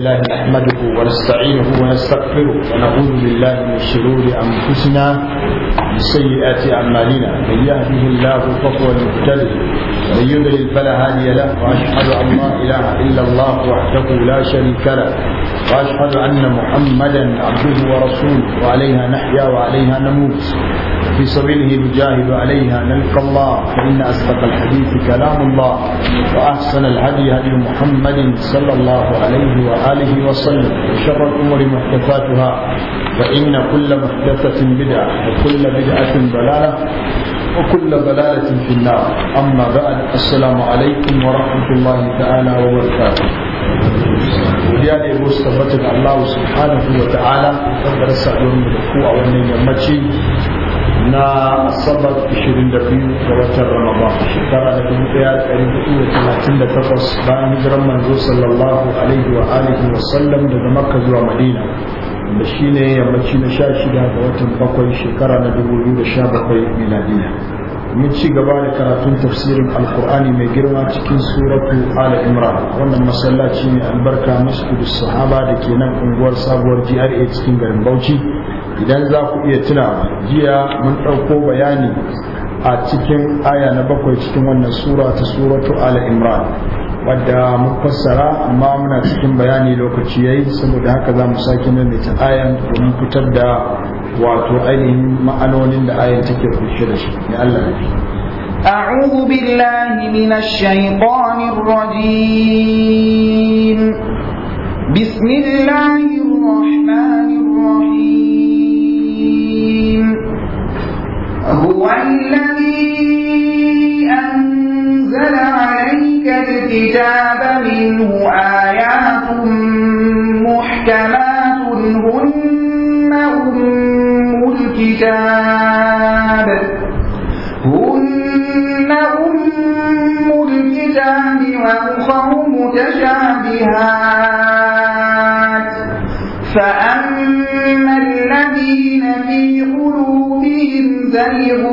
الله نحمده ونستعينه ونستغفره ونعوذ بالله من شرور أنفسنا سيئات أعمالنا من يهده الله فهو المهتد ومن يضلل فلا هادي له وأشهد أن لا إله إلا الله وحده لا شريك له وأشهد أن محمدا عبده ورسوله وعليها نحيا وعليها نموت في سبيله نجاهد عليها نلقى الله فإن أصدق الحديث كلام الله وأحسن الهدي هدي محمد صلى الله عليه وآله وسلم وشر الأمور محدثاتها فإن كل محدثة بدعة وكل بدعة ضلالة وكل ضلالة في النار أما بعد السلام عليكم ورحمة الله تعالى وبركاته godiya ne ko tabbatar da Allah subhanahu wa ta'ala tabbar sabon da ku a wannan yammaci na asabar 22 ga watan Ramadan shekara da 1438 bayan hijiran manzo sallallahu alaihi wa wa sallam daga zuwa Madina da shi ne yammaci na sha shida ga watan bakwai shekara na dubu biyu da sha bakwai miladiya mun ci gaba da karatun tafsirin alkur'ani mai girma cikin suratu ala imran wannan masallaci ne albarka masjidu sahaba da ke nan unguwar sabuwar gra cikin garin bauchi idan za ku iya tuna jiya mun ɗauko bayani a cikin aya na bakwai cikin wannan sura ta suratu ala imran wadda mufassara amma muna cikin bayani lokaci yayi saboda haka za mu sake da ayan domin fitar da wato ainihin ma'anonin da ayan take kunshe da shi ya Allah ya أعوذ بالله من الشيطان الرجيم بسم الله هو الذي أنزل عليك الكتاب منه آيات محكمات هن أم الكتاب هن أم الكتاب وأخر متشابهات فأما الذين في قلوبهم فَرِيقٌ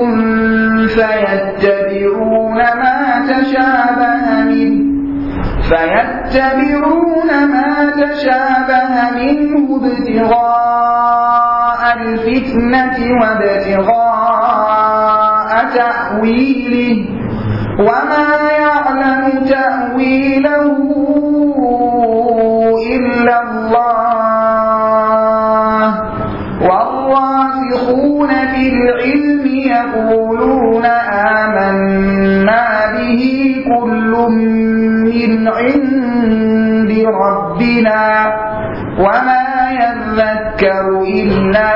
فيتبعون ما تشابه منه فيتبعون ما تشابه منه ابتغاء الفتنة وابتغاء تأويله وما يعلم تأويله إلا الله يقولون آمنا به كل من عند ربنا وما يذكر إلا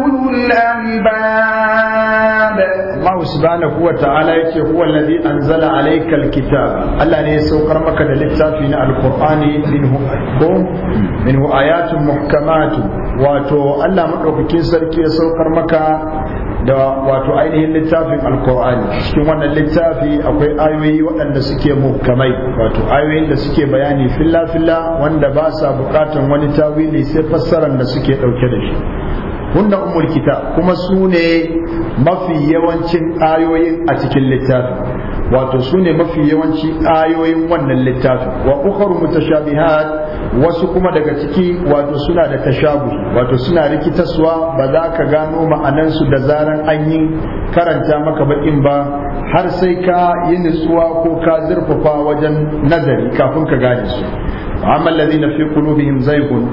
أولو الألباب الله سبحانه وتعالى هو الذي أنزل عليك الكتاب ألا ليسو كرمك من القرآن منه منه آيات محكمات واتو الله maɗaukakin sarki كيسر saukar maka da wato ainihin littafin alkur'ani cikin wannan littafi akwai ayoyi waɗanda suke muhkamai wato ayoyin da suke bayani filla-filla wanda ba sa bukatan wani tawili sai fassarar da suke ɗauke da shi hunna umul kuma su ne mafi yawancin ayoyin a cikin littafi wato su ne mafi yawancin ayoyin wannan littafin wa ukharu mutashabihat wasu kuma daga ciki wato suna da tashabu wato suna rikitaswa ba za ka gano ma'anansu da zaran an yi karanta maka baƙin ba har sai ka yi nutsuwa ko ka zurfafa wajen nazari kafin ka gane su amma na fi qulubihim zaygun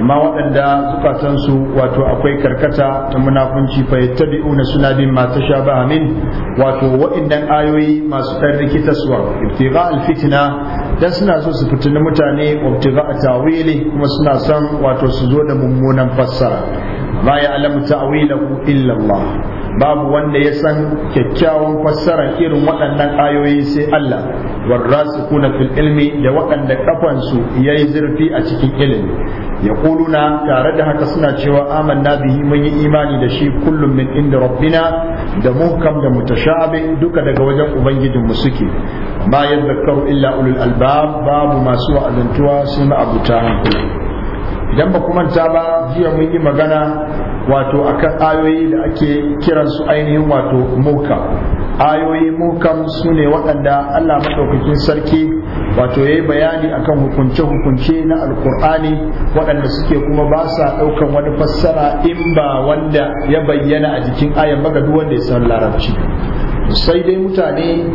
amma waɗanda su wato akwai karkata ta munafunci fa yattabi'una suna bin ma tashabaha min wato waɗannan ayoyi masu ɗan rikitaswa ibtigha alfitna dan suna so su fitina mutane ibtigha tawili kuma suna son wato su zo da mummunan fassara ma ya'lamu ta'wilahu illa Allah babu wanda ya san kyakkyawan fassara irin waɗannan ayoyi sai Allah warrasikuna fil ilmi da waɗanda su yayi zurfi a cikin ilimi yaquluna tare da haka suna cewa amanna bihi mun yi imani da shi kullum min inda rabbina da muhkam da mutashabi duka daga wajen ubangijin mu suke ma yadhakkaru illa ulul albab babu masu wa'azantuwa sun abuta hankali idan ba kuma ta ba jiya mun yi magana wato akan ayoyi da ake kiran su ainihin wato muka ayoyi muka su ne waɗanda Allah maɗaukakin sarki wato ya yi bayani akan hukunce-hukunce na alkur'ani waɗanda suke kuma ba sa ɗaukan wani fassara in ba wanda ya bayyana a jikin ayan ba ga duk wanda ya san larabci sai dai mutane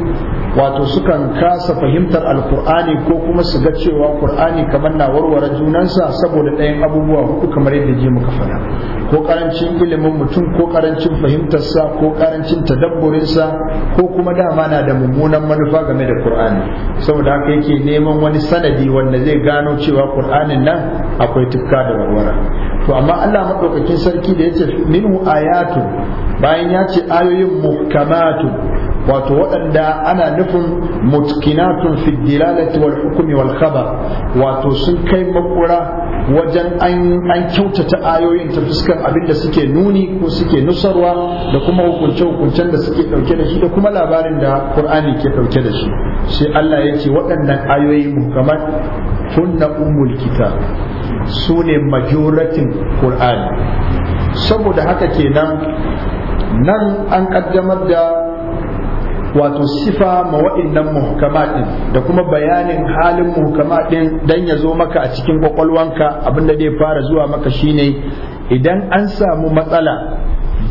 wato sukan kasa fahimtar alkur'ani ko kuma su ga cewa qur'ani kamar na warware junansa saboda ɗayan abubuwa hudu kamar yadda je muka faɗa ko karancin ilimin mutum ko karancin fahimtarsa ko karancin tadabburinsa ko kuma dama na da mummunan manufa game da qur'ani saboda haka yake neman wani sanadi wanda zai gano cewa qur'anin nan akwai tukka da warware. to amma Allah madaukakin sarki da yace minhu ayatu bayan ya ce ayoyin muhkamatu wato waɗanda ana nufin mutkinatun fi dilalati wal hukumi wal khabar wato sun kai makura wajen an kyautata ayoyin ta fuskar abin da suke nuni ko suke nusarwa da kuma hukunce-hukuncen da suke ɗauke da shi da kuma labarin da Qur'ani ke ɗauke da shi sai Allah ya ce waɗannan ayoyi muhkamat sunna ummul kitab Sune majoratin Qur'ani saboda haka kenan nan an kaddamar da wato sifa ma wa'annan muhkamat din da kuma bayanin halin muhkamat din dan ya zo maka a cikin kwakwalwanka abinda zai fara zuwa maka shine idan an samu matsala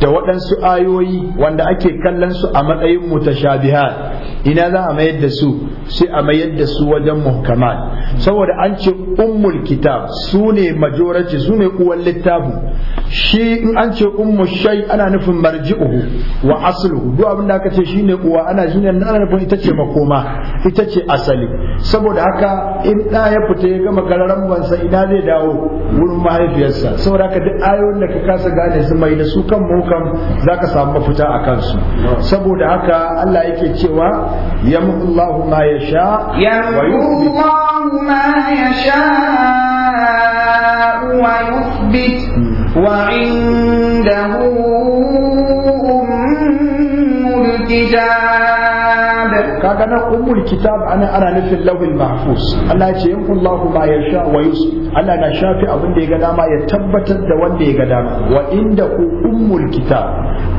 da waɗansu ayoyi wanda ake kallon su a matsayin mutashabihat ina za a mayar da su sai a mayar da su wajen muhkamat saboda an ce ummul kitab su ne majoraci su ne uwan littafi shi in an ce ummu shay ana nufin marji'uhu wa asluhu duk abin da aka ce shine uwa ana shine ana nufin ita ce makoma ita ce asali saboda haka in da ya fita ya gama kararan bansa ina zai dawo wurin mahaifiyarsa saboda haka duk ayoyin da ka kasa gane su mai da su kan mukam zaka samu mafita a kansu saboda haka Allah yake cewa يمحو الله ما يشاء يمحو الله ما يشاء ويثبت وعنده أم الكتاب kaga na ummul kitab ana ana nufin lawil mahfuz Allah ya ce kullahu ma yasha wa yusuf Allah na shafi abin da ya ga dama ya tabbatar da wanda ya ga dama wa inda ku ummul kitab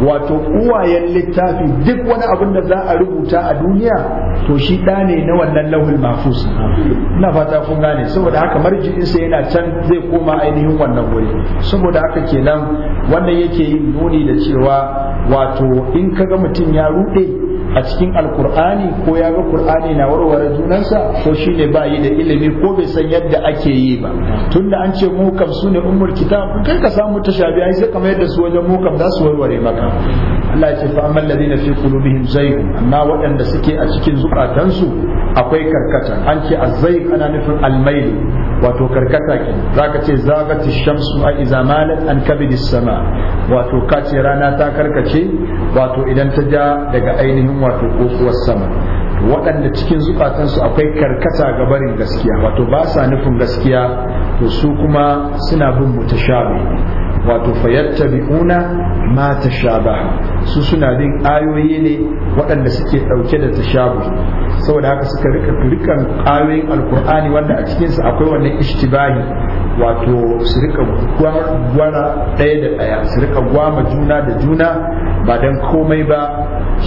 wato uwayen littafi duk wani abin da za a rubuta a duniya to shi da ne na wannan lawil mahfuz ina fata kun gane saboda haka marji'in sa yana can zai koma ainihin wannan wuri saboda haka kenan wannan yake yin nuni da cewa wato in kaga mutum ya rude a cikin alkur'ani ko ya ga qur'ani na warware junansa ko shine ba yi da ilimi ko bai san yadda ake yi ba tunda an ce mukam sune ummul kitab kai ka samu tashabi ai sai kamar yadda su wajen mukam za su warware maka Allah ya ce fa amman ladina fi qulubihim zayg amma waɗanda suke a cikin zukatansu akwai karkata an ce azzayg ana nufin almail wato karkata ke zaka ce zagati shamsu a iza an kabidis sama wato kace rana ta karkace wato idan ta ja daga ainihin wato kokuwar sama waɗanda cikin zukatansu akwai karkata ga barin gaskiya wato ba sa nufin gaskiya to su kuma suna bin mutashabi wato biuna ma ba su suna bin ayoyi ne waɗanda suke ɗauke da tashabu saboda haka suka rika rikan ayoyin alkur'ani wanda a cikinsu akwai wannan ishtibahi wato su rika gwara ɗaya da ɗaya su rika gwama juna da juna ba dan komai ba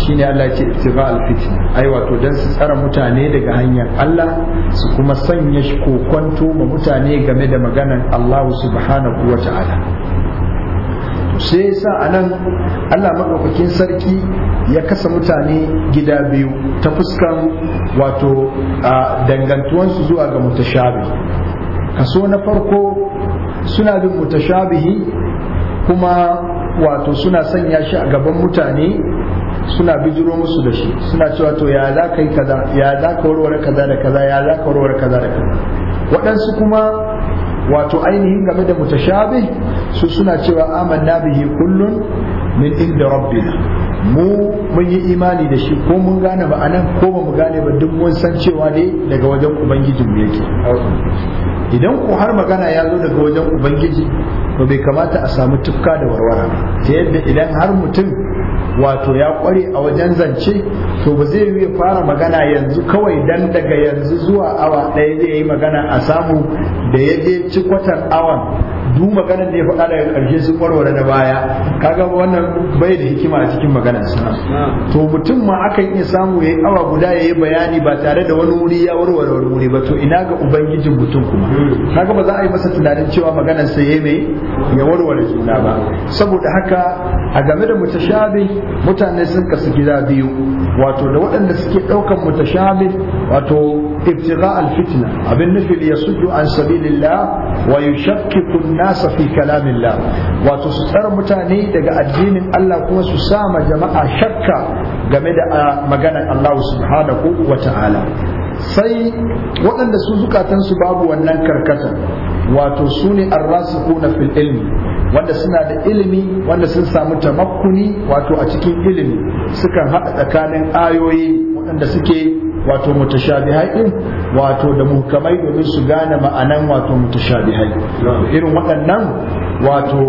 shine Allah ce ittiba alfitin ai wato dan su tsara mutane daga hanyar Allah su kuma sanya shi kokonto ma mutane game da maganar Allah subhanahu wa sai ya sa a nan allah maɗaukakin sarki ya kasa mutane gida biyu ta fuskan wato dangantuwansu zuwa ga mutashabi kaso na farko suna bin mutashabihi kuma wato suna sanya shi a gaban mutane suna bijiro musu da shi suna cewa to ya za ka yi kaza ya za ka warware kaza da kaza ya za ka warware kaza da kaza waɗansu kuma wato ainihin game da mutashabi su suna cewa amanna bihi kullun min inda rabbina mu mun yi imani da shi ko mun gane ba anan ko ba mu gane ba duk mun san cewa ne daga wajen ubangiji mu yake idan ku har magana ya zo daga wajen ubangiji to bai kamata a samu tukka da warwara ta yadda idan har mutum wato ya kware a wajen zance to ba zai yi fara magana yanzu kawai dan daga yanzu zuwa awa ɗaya zai yi magana a samu da ya je ci kwatar awan duk maganar da ya faɗa daga ƙarshe sun warware da baya kaga wannan bai da hikima a cikin maganar sa to mutum ma aka iya samu yayi awa guda ya yi bayani ba tare da wani wuri ya warware wani wuri ba to ina ga ubangijin mutum kuma hmm. kaga ba za a yi masa tunanin cewa maganar sa yayi mai ya warware juna ba saboda haka a game da mutashabi mutane sun kasu gida biyu wato da waɗanda suke ɗaukan mutashabi wato ابتغاء الفتنة أبن نفل يصد عن سبيل الله ويشكك الناس في كلام الله وتستر متاني دقى الدين الله كما سسام جماعة شكا جمد مجانا الله سبحانه وتعالى sai waɗanda su zukatansu babu wannan karkatar wato su ne arrasikuna fil ilmi wanda suna da ilimi wanda sun samu tamakkuni wato a cikin ilimi sukan haɗa tsakanin ayoyi waɗanda suke wato mutashabihai din wato da muhkamai domin su gane ma'anan wato mutashabihai irin waɗannan wato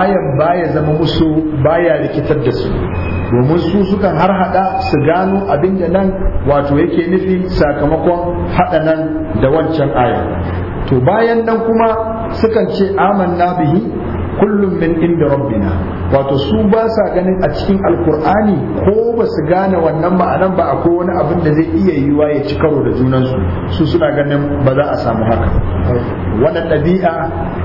ayan baya zama musu baya rikitar da su domin su sukan har hada su gano abin da nan wato yake nufi sakamakon hada nan da wancan ayan to bayan nan kuma sukan ce amanna bihi kullum min inda rabbina wato su ba sa ganin a cikin alkur'ani ko ba su gane wannan ma'anan ba akwai wani abin da zai iya yiwa ya ci karo da junansu su suna ganin ba za a samu haka wannan ɗabi'a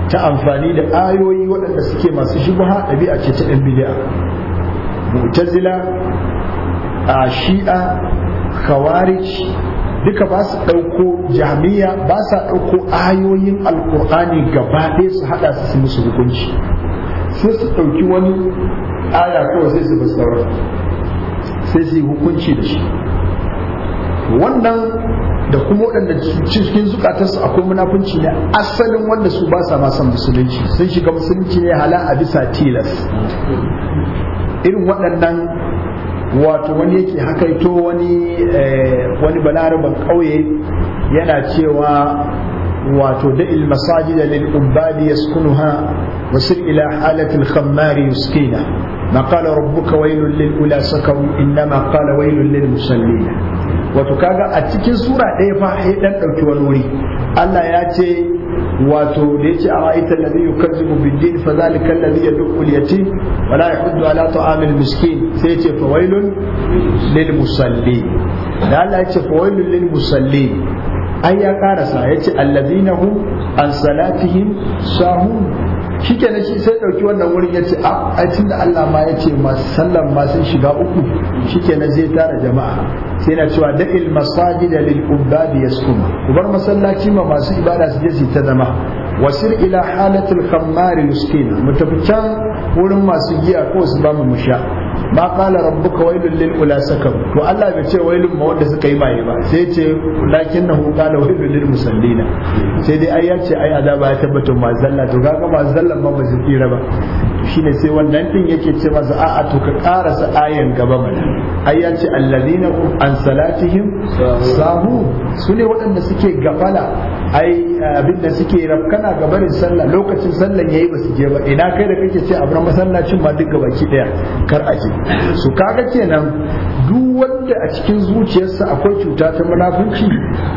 ta amfani da ayoyi waɗanda suke masu shubha ɗabi'a ce ta ɗan bid'a mu'tazila a khawarij duka ba su ɗauko jami'a ba sa ɗauko ayoyin alkur'ani gaba ɗaya su haɗa su su musu hukunci sai su ɗauki wani aya kawai sai su basaura sai su yi hukunci da shi wannan da kuma waɗanda cikin zukatarsu akwai munafunci ne asalin wanda su ba sa masan musulunci sun shiga musulunci ne hala a bisa tilas irin waɗannan wato wani yake hakaito wani eh, wani balaraban ƙauye yana cewa wato da masajid lil ubadi yaskunuha ha sir ila halati al yuskina ma qala ula sakaw inma qala waylun lil musallina. wato kaga a cikin sura ɗaya fa sai dan ɗauki wani wuri Allah ya ce wato da yace a ra'aita alladhi yukazzibu bid-din fa zalika alladhi yad'u al-yatim wa la yahuddu ala ta'amil miskin sai yace fa wailun lil musalli da Allah yace fa wailun lil musalli ai ya karasa yace alladhina hum an salatihim sahun shike na shi sai dauki wannan wurin yace a ai tunda Allah ma yace masu sallan ma shiga uku shike na zai tara jama'a sai na cewa da il masajida lil ubadi yaskun Ubar masallaci ma masu ibada su je su ta zama wasir ila halatul khammar yuskin mu tafi can wurin masu giya ko su ba mu musha ma qala rabbuka wailul lil ulasakam to Allah bai ce wailun ma wanda suka yi baye ba sai ce lakin lakinnahu qala wailul lil musallina sai dai ai ya ce ai azaba ya tabbata ma zalla to kaga ma zallan ma ba su tsira ba shine sai wannan din yake ce masa a'a to ka karasa ayan gaba mana ai ya ce alladhina hum an salatihim sahu sune waɗanda suke gafala ai abin da suke rafkana gabarin sallah lokacin sallan yayi ba su je ba ina kai da kake ce abin masallacin ma duk gabaki daya kar a je su kaga kenan duk wanda a cikin zuciyarsa akwai cuta ta munafunci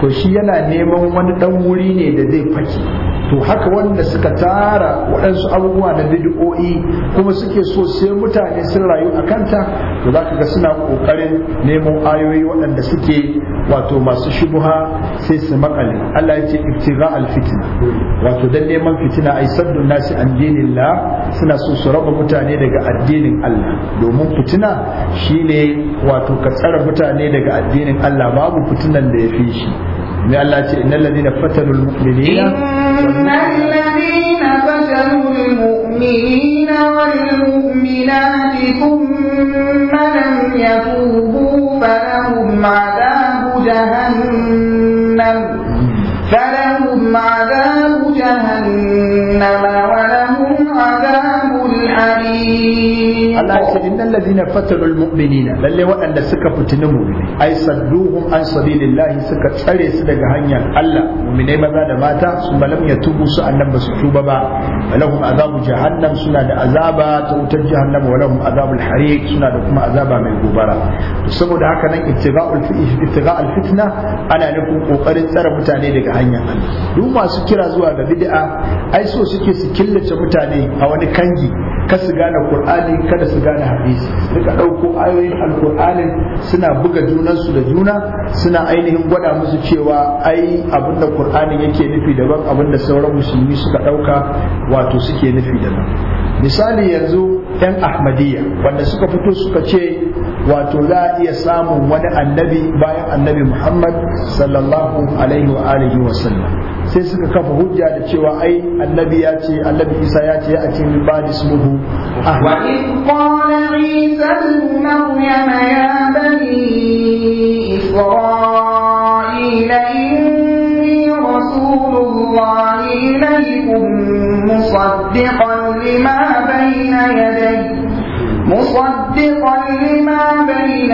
to shi yana neman wani dan wuri ne da zai faki to haka wanda suka tara waɗansu abubuwa na bid'o'i kuma suke so sai mutane sun rayu a kanta to za ka ga suna ƙoƙarin neman ayoyi waɗanda suke wato masu shubuha sai su makale Allah ya ce ibtiga alfitina wato dan neman fitina ai saddu nasi an dinillah suna so su raba mutane daga addinin Allah domin fitina shine wato ka tsara mutane daga addinin Allah babu fitinan da ya fi shi إن الذين فتنوا المؤمنين إن الذين فتنوا المؤمنين والمؤمنات ثم لم يتوبوا فلهم عذاب جهنم فلهم عذاب جهنم ولهم عذاب حميم الله يقول إن الذين فتنوا المؤمنين للي وأن سكا فتنوا مؤمنين أي صدوهم عن سبيل الله سكا تشري سدق هنيا الله مؤمنين ماذا ماتا ثم لم يتوبوا سأل نبا سحوبا با ولهم عذاب جهنم سنة عذابا توتر جهنم ولهم عذاب الحريق سنة كما عذابا من غبارا سبب هكذا ابتغاء الفتنة أنا لكم ƙoƙarin tsare mutane daga hanyar Allah duk masu kira zuwa ga bid'a ai so suke su killace mutane a wani kangi ka su gane qur'ani kada su gane hadisi duka ɗauko ayoyin alqur'anin suna buga junansu da juna suna ainihin gwada musu cewa ai abin da qur'anin yake nufi daban abin da sauran musulmi suka ɗauka wato suke nufi daban misali yanzu yan ahmadiyya wanda suka fito suka ce wato za a iya samun wani annabi bayan annabi muhammad sallallahu alaihi wa alihi wa sallam sai suka kafa hujja da cewa ai annabi ya ce annabi isa ya ce a cikin ba'di ismuhu wa qala isa maryam ya bani isra'ila inni rasulullah ilaykum musaddiqan lima bayna yadayya مصدقا لما بين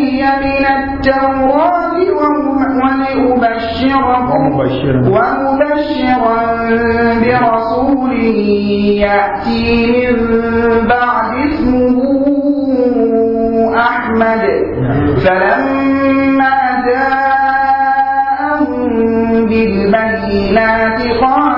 يدي من التوراة ومبشرا برسول يأتي من بعد اسمه أحمد نعم. فلما جاءهم بالبينات قال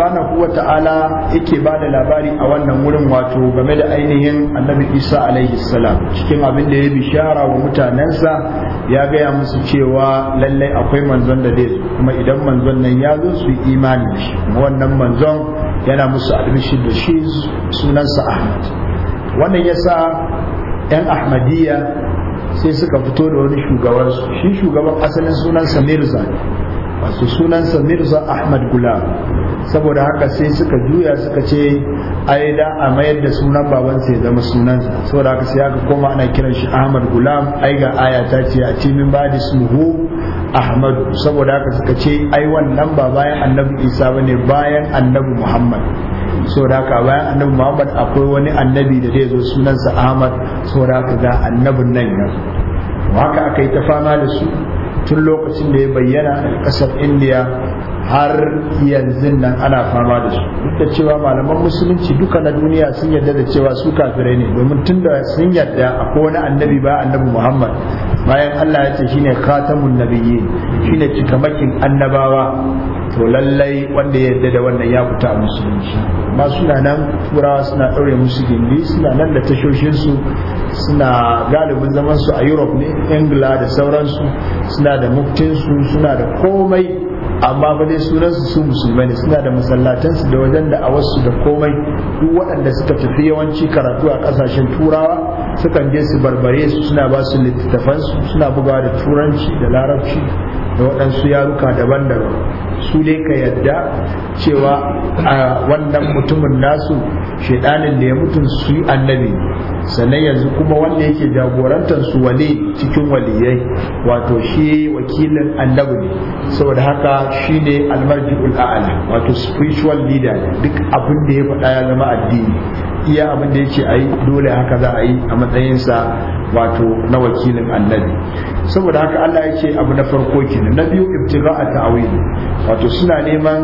subhanahu wa ta'ala yake ba da labari a wannan wurin wato game da ainihin annabi isa alaihi salam cikin abin da ya bishara wa mutanensa ya gaya musu cewa lallai akwai manzon da zai kuma idan manzon nan ya zo su yi imani shi wannan manzon yana musu albishi da shi sunansa ahmad wannan yasa yan ahmadiyya sai suka fito da wani shugabansu shi shugaban asalin sunansa mirza sunan sunansa mirza ahmad gulam saboda haka sai suka juya suka ce ai da a mayar da sunan babansa ya zama sunansa saboda haka sai aka koma ana kiran shi ahmad gulam ai ga aya ta ce a cikin ba da suhu ahmad saboda haka suka ce ai wannan ba bayan annabi isa bane bayan annabi muhammad saboda haka bayan annabi muhammad akwai wani annabi da zai zo sunansa ahmad saboda haka ga annabin nan yanzu haka aka yi ta fama da su tun lokacin da ya bayyana a ƙasar indiya har yanzu nan ana fama da su duk da cewa malaman musulunci duka na duniya sun yarda da cewa su kafirai ne domin tun da sun yarda a kowane annabi ba annabi muhammad bayan allah ya ce shine khatamun nabiyyi shine cikamakin annabawa to lallai wanda ya yarda da wannan ya fita a musulunci Masu suna turawa suna ɗaure musu gindi suna nan da tashoshinsu suna galibin zaman su a europe ne ingila da sauransu suna da muktinsu suna da komai amma ba dai sunansu su musulmai ne suna da masallatansu da wajen da wasu da komai duk waɗanda suka tafi yawanci karatu a ƙasashen turawa sukan je su barbare su suna ba su littattafansu suna bugawa da turanci da larabci da waɗansu yaruka daban-daban su dai ka yadda cewa a wannan mutumin nasu shaidanin da ya mutum su yi annabi sannan yanzu kuma wanda yake jagorantar su wale cikin waliyai wato shi wakilin annabi ne saboda haka shi ne almarji ul'a'ala wato spiritual leader duk abin da ya faɗa ya zama addini iya abin da ya ce a yi dole haka za a yi a matsayinsa wato na wakilin annabi saboda haka Allah yake abu na farko kenan na biyu ibtiga'a ta'wili wato suna neman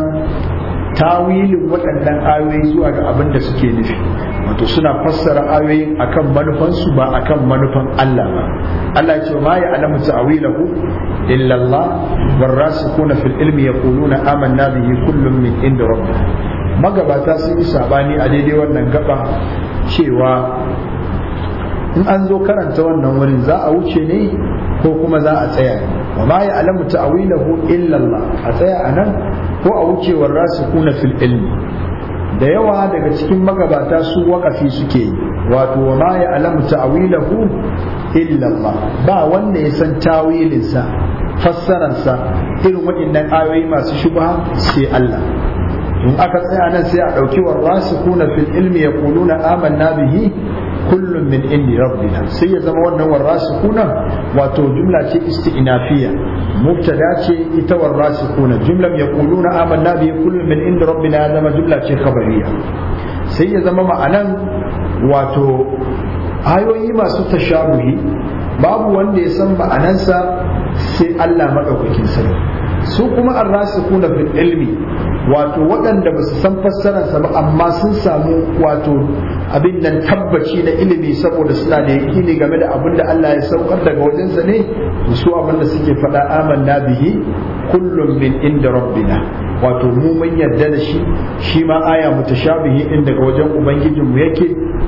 tawilin waɗannan ayoyi zuwa ga abin da suke nufi wato suna fassara ayoyi akan manufansu ba akan manufan Allah ba Allah ce ma ya alamu ta'wilahu illa Allah warasikuna fil ilmi yaquluna amanna bihi kullum min inda rabbih magabata sun yi sabani a daidai wannan gaba cewa in an zo karanta wannan wurin za a wuce ne ko kuma za a tsaya wa ma ya alamu ta'awilahu illa a tsaya anan ko a wucewar rasikuna fil ilmi da yawa daga cikin magabata su wakafi suke yi wato wa ma ya alamu ta'awilahu illa ba wanda ya san tawilinsa fassararsa irin waɗannan ayoyi masu shubha sai Allah in aka tsaya nan sai a ɗauki warrasikuna fil ilmi aman amanna bihi kullum min indi rabbina sai ya zama wannan warrasikuna wato jumla ce isti'nafiya mubtada ce ita warrasikuna jumlam yaquluna amanna bi kullum min indi rabbina ya zama jumla ce khabariya sai ya zama ma'anan wato ayoyi masu tashabuhi babu wanda ya san ma'anansa sai Allah madaukakin sarki su kuma kuna fi ilmi wato waɗanda ba su san fassararsa ba amma sun samu wato abin nan tabbaci na ilimi saboda suna da ne game da abin da Allah ya saukar daga wajensa ne su abin da suke faɗa amanna bihi kullum min inda rabbina wato mu mun yarda da shi shi ma aya mutashabihi din daga wajen ubangijin mu yake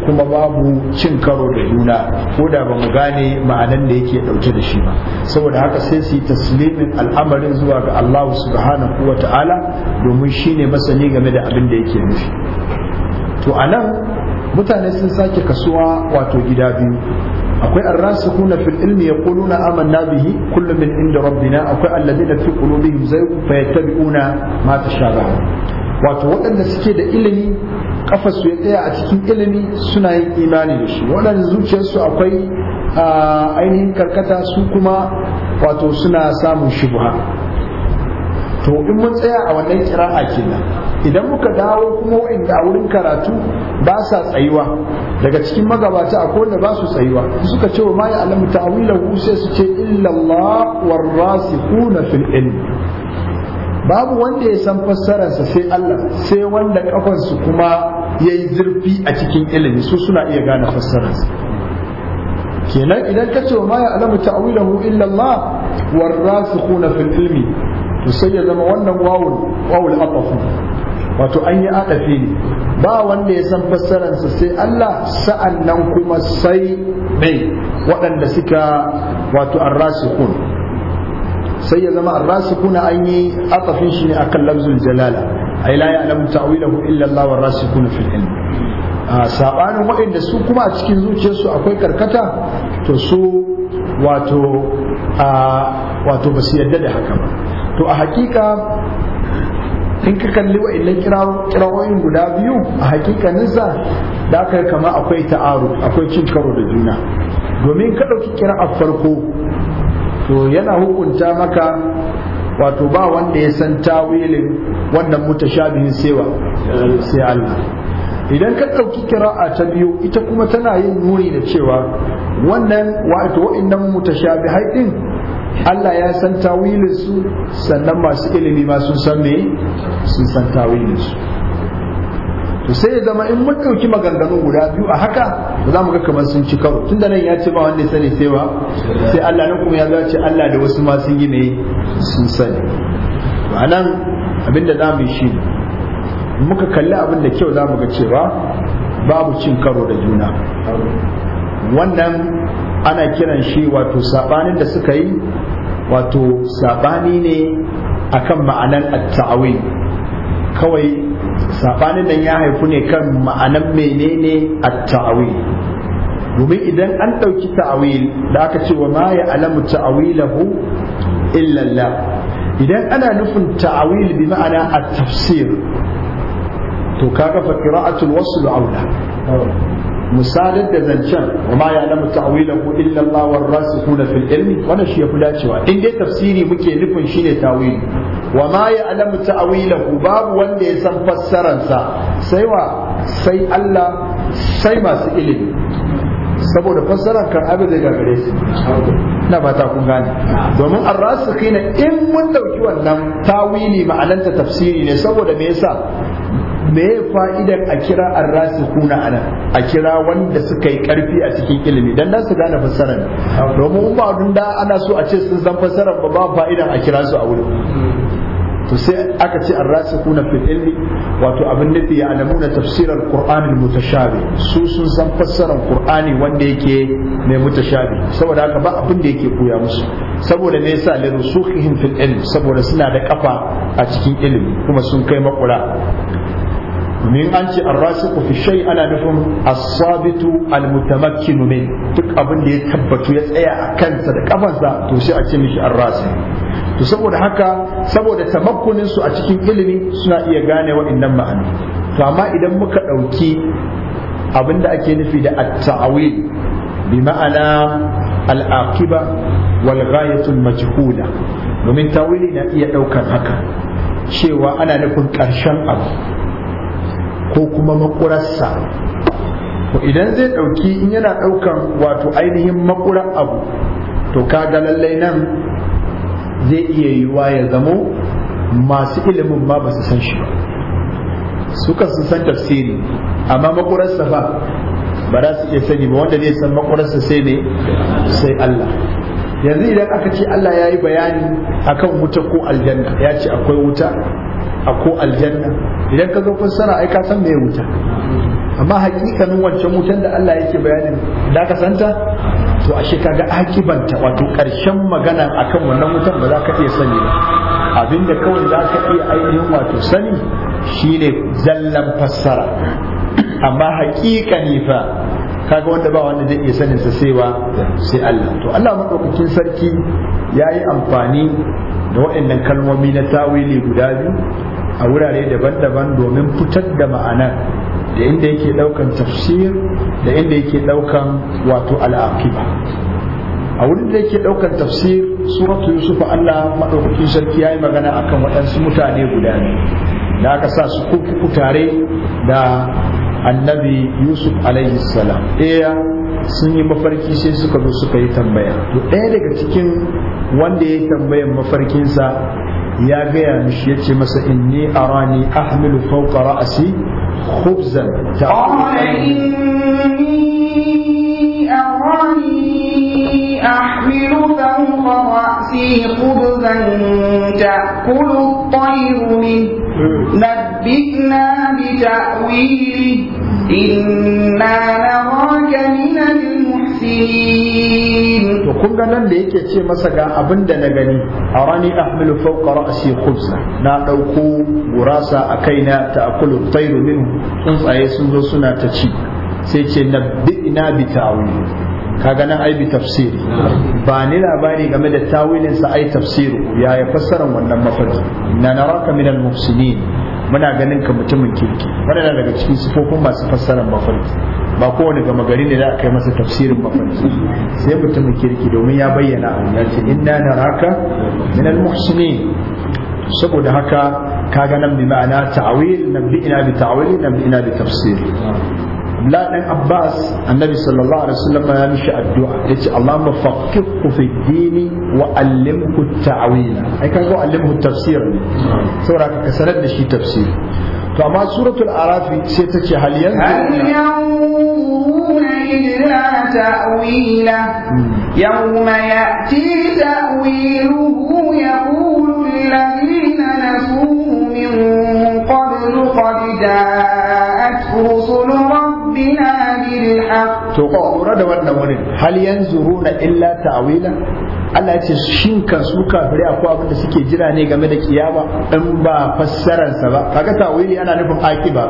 kuma babu cin karo da juna ko da ba mu gane ma'anan da yake dauke da shi ba saboda haka sai su yi taslimin al'amarin zuwa ga Allah subhanahu wa ta'ala domin shine masani game da abin da yake nufi to anan mutane sun sake kasuwa wato gida biyu akwai arrasikuna fil ilmi yaquluna amanna bihi kullu min inda rabbina akwai alladina fi qulubihim zayg fayattabi'una ma tashabaha wato waɗanda suke da ilimi kafa su ya tsaya a cikin ilimi suna yin imani da shi waɗanda zuciyarsu akwai ainihin karkata su kuma wato suna samun shubha to in mun tsaya a wannan kira'a kenan idan muka dawo kuma wa'inda a wurin karatu ba sa tsayuwa daga cikin magabata a wanda ba su tsayuwa suka ce wa ma alamu ta'wilahu sai su ce illa war rasikuna fil ilm babu wanda ya san fassararsa sai Allah sai wanda kafansu kuma yayi zurfi a cikin ilimi su suna iya gane fassararsa kenan idan ka ce ma ya alamu ta'wilahu illa Allah warasikhuna fil ilmi to sai ya zama wannan wawul wawul wato an yi adafi ne ba wanda ya san fassararsa sai Allah sa'an nan kuma sai mai waɗanda suka wato kun. sai ya zama arrasikuna an yi atafin shi ne akan lafzul jalala ai la ya'lamu ta'wilahu illa Allah warrasikuna fil ilm sabanin waɗanda su kuma a cikin zuciyarsu akwai karkata to su wato wato ba su yarda da haka ba to a hakika in ka kalli wa'illan kirawoyin guda biyu a hakikaninsa da aka kama akwai ta'aru akwai cin karo da juna domin ka ɗauki kira a farko to yana hukunta maka wato ba wanda ya san tawilin wannan mutashabihin sewa sai Allah idan ka ɗauki a ta biyu ita kuma tana yin nuni da cewa wannan wato wa'annan mutashabihai din Allah ya san tawilin su sannan masu ilimi ma sun san me sun san tawilin su to sai ya zama in mun ɗauki maganganu guda biyu a haka ba za mu ga kamar sun ci karo tunda nan ya ce ba wanda ya sani sai ba sai Allah nan kuma ya ga ce Allah da wasu ma sun yi ne sun sani a nan abinda za mu yi shi muka kalli abin da kyau za mu ga cewa babu cin karo da juna wannan ana kiran shi wato sabanin da suka yi wato sabani ne akan ma'anan at-ta'awi kawai sabanin nan ya haifu ne kan ma'anan menene at-ta'awi domin idan an ɗauki ta'awil da aka ce wa ma ya alamu ta'awilahu illallah idan ana nufin ta'awil bi ma'ana at-tafsir to kaga fa qira'atul wasl aula misalin da zancen wa ma ya lamu ta'wilahu illa Allah war rasikhuna fil ilmi wannan shi yafi dacewa in dai tafsiri muke nufin shine tawili wa ma ya lamu ta'wilahu babu wanda ya san fassarar sa sai wa sai Allah sai masu ilimi saboda fassarar kan abin zai gagare su na ba ta kun gane domin arrasikhina in mun dauki wannan tawili ta tafsiri ne saboda me yasa me fa'idan a kira kuna anan a kira wanda suka yi karfi a cikin ilimi dan nasu gane fassarar domin ba da ana so a ce sun san fassarar ba ba fa'idan a kira su a wuri to sai aka ce kuna fil ilmi wato abin nufi ya alamuna tafsirar qur'anil mutashabi su sun san fassarar qur'ani wanda yake mai mutashabi saboda haka ba abin da yake koya musu saboda me yasa li rusukhihim fil ilimi saboda suna da kafa a cikin ilimi kuma sun kai makura domin an ce ku fi shai ana nufin asabitu sabitu min duk abin da ya tabbatu ya tsaya a kansa da kafansa to sai a ce mishi arrasi to saboda haka saboda tamakkunin su a cikin ilimi suna iya gane waɗannan ma'ani to amma idan muka ɗauki abin da ake nufi da at-ta'awil bi ma'ana al-aqiba wal ghayatu majhula domin tawili na iya ɗaukan haka cewa ana nufin ƙarshen abu ko kuma makurarsa idan zai ɗauki in yana ɗaukan wato ainihin makurar abu to kaga lallai nan zai iya yiwa ya zamo masu ilimin ma ba su san shi ba suka su san tafsiri amma makurarsa ba ba za su iya sani ba wanda zai san makurarsa sai ne sai Allah yanzu idan aka ce Allah ya yi bayani akan wuta ko aljanna ya ce akwai wuta ko aljanna idan ka zo kun sana ai ka san me wuta amma hakikanin wancan wutan da Allah yake bayanin da ka santa to ashe kaga akibanta wato karshen magana akan wannan wutan ba za ka iya sani ba abinda kawai za ka iya ainihin wato sani shine zallan fassara amma hakikani fa kaga wanda ba wanda zai iya sanin sa sai sai Allah to Allah madaukakin sarki yayi amfani da waɗannan kalmomi na tawili guda biyu a wurare daban-daban domin fitar da ma'anar da inda yake daukan tafsir da inda yake daukan wato al'aqiba a wurin da yake daukan tafsir suratu yusuf Allah madaukakin sarki yayi magana akan waɗansu mutane guda ne da aka sa su kuku tare da annabi yusuf alaihi salam ɗaya sun yi mafarki sai suka zo suka yi tambaya to ɗaya daga cikin wanda ya yi tambayan mafarkinsa يا ya gaya mishi إني أراني أحمل فوق رأسي خبزا قال إني أراني أحمل فوق رأسي خبزا تأكل الطير منه نبئنا بتأويله إنا نراك من المحسنين kun ga nan da yake ce masa ga abin da na gani a rani ahmilu a ra'si khubza na dauko gurasa a kaina ta akulu tayru min tsuntsaye sun zo suna ta ci sai ce nabbi'na bi ta'wil kaga nan ai bi tafsiri ba ni labari game da tawilin sa ai tafsiru ya ya fassara wannan mafarki na naraka min al-mufsinin muna ganin ka mutumin kirki wannan daga cikin sifofin masu fassarar mafarki ba kowane gama gari ne za aka yi masa tafsirin mafarki sai mutumin kirki domin ya bayyana a ya ce inna na raka minal muhsinin saboda haka kaga nan bi ma'ana ta'awil nabbi ina bi ta'awil ina bi tafsiri لا ابن عباس النبي صلى الله عليه وسلم ما ينشا الدعاء اللهم فقهه في الدين وعلمه التعويل اي كان علمه التفسير سوره كسرت شيء تفسير فما سورة الأعراف سيتك هل ينظرون إلا تأويله يوم يأتي تأويله يقول الذين نسوه من قبل قد جاءت رسل ربهم بنا ghayril haqq to ko lura da wannan wani hal yanzuruna illa ta'wila Allah ya ce shin kan su kafirai akwai abin da suke jira ne game da kiyama in ba fassarar sa ba kaga ta'wili ana nufin akiba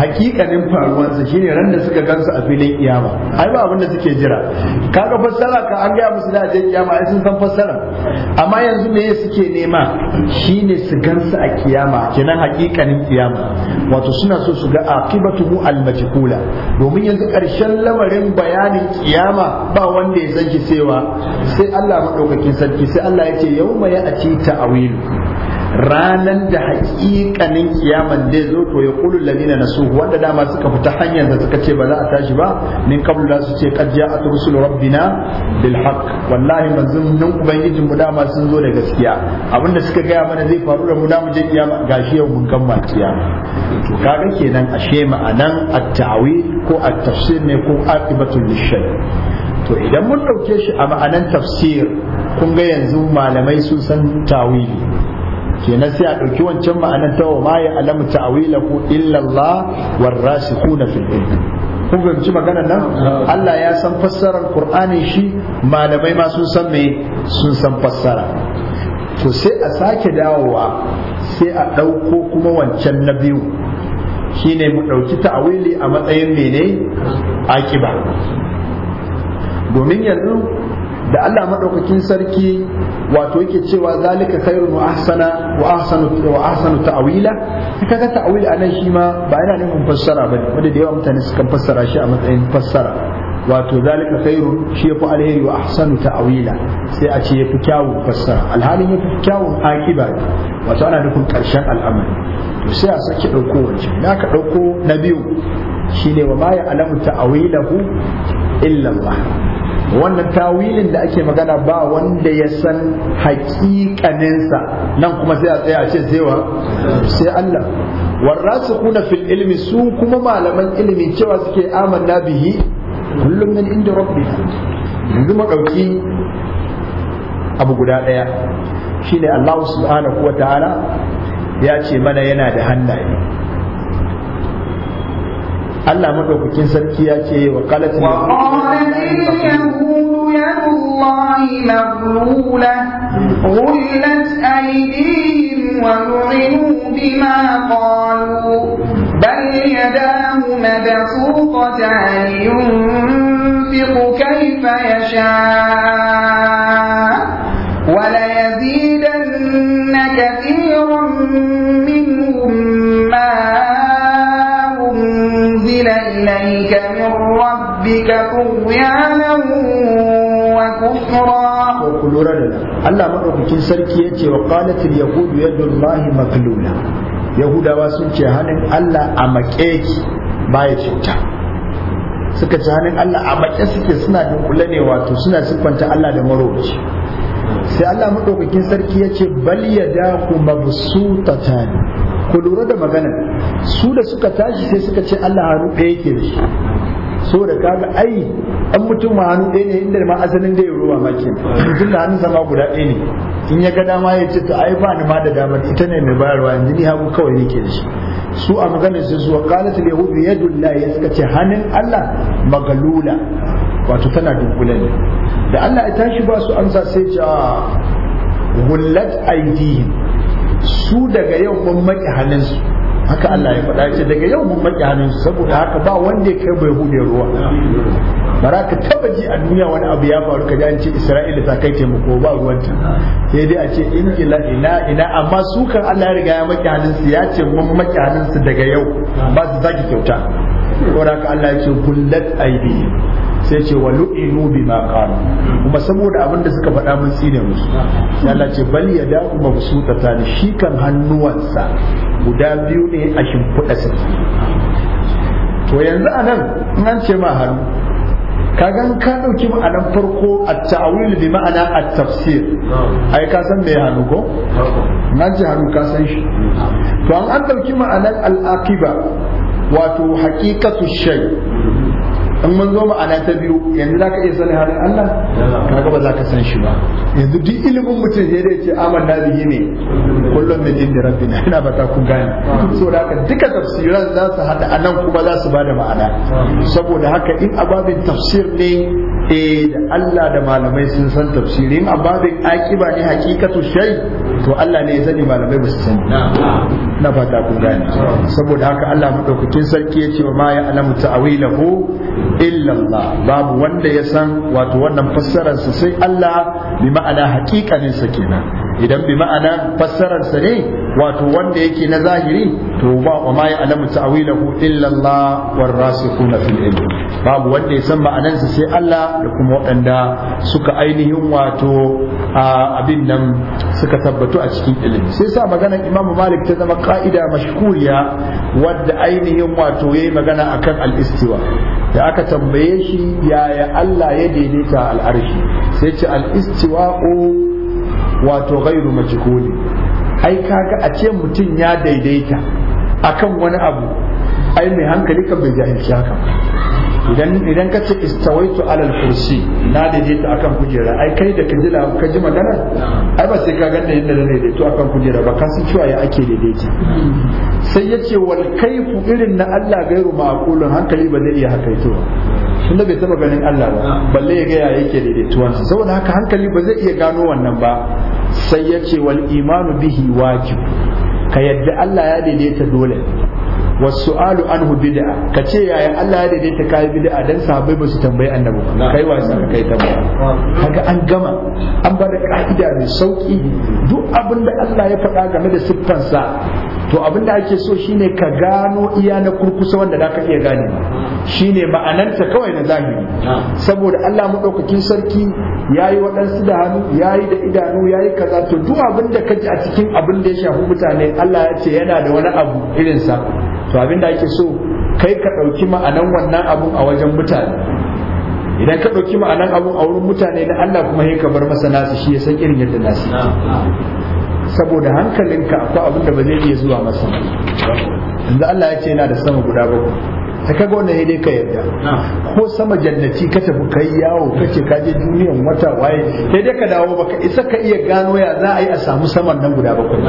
hakikanin faruwar sa shine ran da suka gansu a filin kiyama ai ba abin da suke jira kaga fassara ka an ga musu da je kiyama ai sun san fassara amma yanzu me suke nema shine su gansu a kiyama kenan hakikanin kiyama wato suna so su ga akibatuhu al-majhula domin yanzu Karshen ƙarshen lamarin bayanin kiyama ba wanda ya san shi sai Allah maɗaukakin sarki sai Allah ya ce yawma ya ta ta'awilu ranan da haƙiƙanin kiyaman da zo to ya qulu na nasu wanda dama suka fita hanyar da suka ce ba za a tashi ba min qablu da su ce kajiya a rusul rabbina bil bilhak. wallahi manzon ubangijin mu dama sun zo da gaskiya abinda suka gaya mana zai faru da mu da je kiyama gashi yau mun kammala kiyama to kaga kenan ashe ma'anan at tawi ko at-tafsir ne ko aqibatul to idan mun ɗauke shi a ma'anan tafsir kun ga yanzu malamai sun san tawili kenan sai a ɗauki wancan ma'anar ta wa ma ya alamu ta'awilahu illallah war rasikuna fil ilm kun fahimci magana nan Allah ya san fassarar Qur'ani shi malamai ma sun san me sun san fassara to sai a sake dawowa sai a ɗauko kuma wancan na biyu shine mu ɗauki ta'awili a matsayin mene akiba domin yanzu da Allah madaukakin sarki wato yake cewa zalika khairun wa ahsana wa ahsanu wa ahsanu ta'wila kaga ta'wil anan shi ma ba yana nufin fassara bane wanda da yawa mutane sukan fassara shi a matsayin fassara wato zalika khairun shi yafi alheri wa ahsanu ta'wila sai a ce yafi kyawun fassara alhalin yafi kyawun akiba wato ana nufin karshen al'amari to sai a saki dauko wancan da ka dauko na biyu shine wa ma ya alamu ta'wilahu illa Allah wannan tawilin da ake magana ba wanda ya san hakikaninsa nan kuma sai a tsaya a ce zewa sai Allah kuna fil ilmi su kuma malaman ilimi cewa suke amanna bihi kullum min inda rabbi yanzu madauki abu guda daya shine Allah subhanahu wataala ya ce mana yana da hannaye Allah madaukakin sarki ya ce wa غلت أيديهم ولعنوا بما قالوا بل يداه مبسوطتان ينفق كيف يشاء وليزيدن كثيرا إليك من ربك طغيانا وكفرا وقل ردنا الله مدعوكين سركي وقالت اليهود يد الله مقلولة Yahudawa sun ce hannun Allah a maƙe ki cuta suka ce hannun Allah a maƙe suke suna dunkule ne wato suna siffanta Allah da marauci. sai Allah maɗaukakin sarki ya ce bal ya daku ku lura da magana su da suka tashi sai suka ce Allah hannu ɗaya yake da shi so da kaga ai an mutum ma hannu ɗaya ne inda ma asalin da ya ruwa maki mutum da hannun sama guda ɗaya ne in ya ga dama ya ce to ai ba ni ma da damar ita ne mai bayarwa yanzu ni hagu kawai ke da shi su a maganar su zuwa qalat al yahudu yadullahi ya suka ce hannun Allah magalula wato tana dunkule ne da Allah ya tashi ba su amsa sai ce ah, gullat aidihim su daga yau mun maki hannunsu haka Allah ya faɗa ce daga yau mun maki hannunsu saboda haka ba wanda ya kai bai hude ruwa bara ka taba ji a duniya wani abu ya faru ka an ce Isra'ila ta kai taimako ba ruwan Ta sai dai a ce in ila ina ina amma sukan Allah ya riga ya maki hannunsu ya ce mun maki hannunsu daga yau ba su zaki kyauta saboda Allah ya ce kullat aidihim sai ce wa lu'inu bima qalu kuma saboda abin da suka faɗa mun tsine musu sai Allah ce bal kuma ta mabsutatani shi kan hannuwansa guda biyu ne a shimfiɗa sa to yanzu anan in an ce ma hannu gan ka ɗauki ma'anan farko a ta'wil bi ma'ana a tafsir ai ka san me hannu ko na ce hannu ka san shi to an ɗauki ma'anan aqiba wato hakikatu shay in mun zo ma'ana ta biyu yanzu ka iya sani halin Allah kaga ba ka san shi ba yanzu duk ilimin mutum sai dai ce amanna bihi ne kullum min inda rabbina ina ba ta kun gani so da haka duka tafsiran za su hada anan kuma za su bada ma'ana saboda haka in ababin tafsir ne eh da Allah da malamai sun san tafsirin ababin akiba ne hakikatu shay to Allah ne ya sani malamai ba su sani na fata kun gani. saboda haka Allah madaukakin sarki ya ce wa ma ya alamu ta'awilahu illa babu wanda ya san wato wannan fassarar sai Allah bi ma'ana hakikanin sa kenan idan bi ma'ana fassararsa ne wato wanda yake na zahiri to ba wa ma ya alamu ta'awilahu illa Allah war rasikhuna fil ilm babu wanda ya san sa sai Allah da kuma waɗanda suka ainihin wato abin nan suka tabbatu a cikin ilimi sai sa maganar Imam Malik ta zama ka'ida mashkuriya wadda ainihin wato yayi magana akan al-istiwa da aka tambaye shi yaya Allah ya daidaita al-arshi sai ce al-istiwa'u wato gairu majhuli ai kaga a ce mutum ya daidaita akan wani abu ai mai hankali kan bai jahilci haka idan idan ka ce istawaitu alal kursi na daidaita akan kujera ai kai da ka ji ka ji magana ai ba sai ka da yadda na daidaito akan kujera ba ka san cewa ya ake daidaiti sai ya ce wal kaifu irin na Allah gairu ma'qulun hankali ba zai iya hakaito tunda bai taba ganin Allah ba balle ya ga ya yake daidaituwansa saboda haka hankali ba zai iya gano wannan ba sai ya ce wal imanu bihi wajib ka yadda Allah ya daidaita dole Wasu wasu'alu an bid'a ka ce yaya Allah ya daidaita kayi bid'a dan sahabbai ba su tambayi annabi kai wasa ka kai tambaya haka an gama an bada ka'ida mai sauki duk abin da Allah ya faɗa game da siffansa to abin da ake so shine ka gano iya na kurkusa wanda za ka iya gane shine ma'ananta kawai na zahiri saboda Allah maɗaukakin sarki ya yi waɗansu da hannu ya yi da idanu ya yi kaza to duk abin da ka ji a cikin abin da ya shafi mutane Allah ya ce yana da wani abu irinsa to abin da ake so kai ka ɗauki ma'anan wannan abun a wajen mutane idan ka ɗauki ma'anan abun a wurin mutane da Allah kuma sai ka bar masa nasu shi ya san irin yadda nasu saboda hankalinka akwai abin da ba zai iya zuwa masa yanzu Allah ya ce yana da sama guda bakwai da kaga wannan ya dai ka yarda ko sama jannati ka tafi kai yawo kace ka je duniyan wata waye sai dai ka dawo baka isa ka iya gano ya za a yi a samu saman nan guda bakwai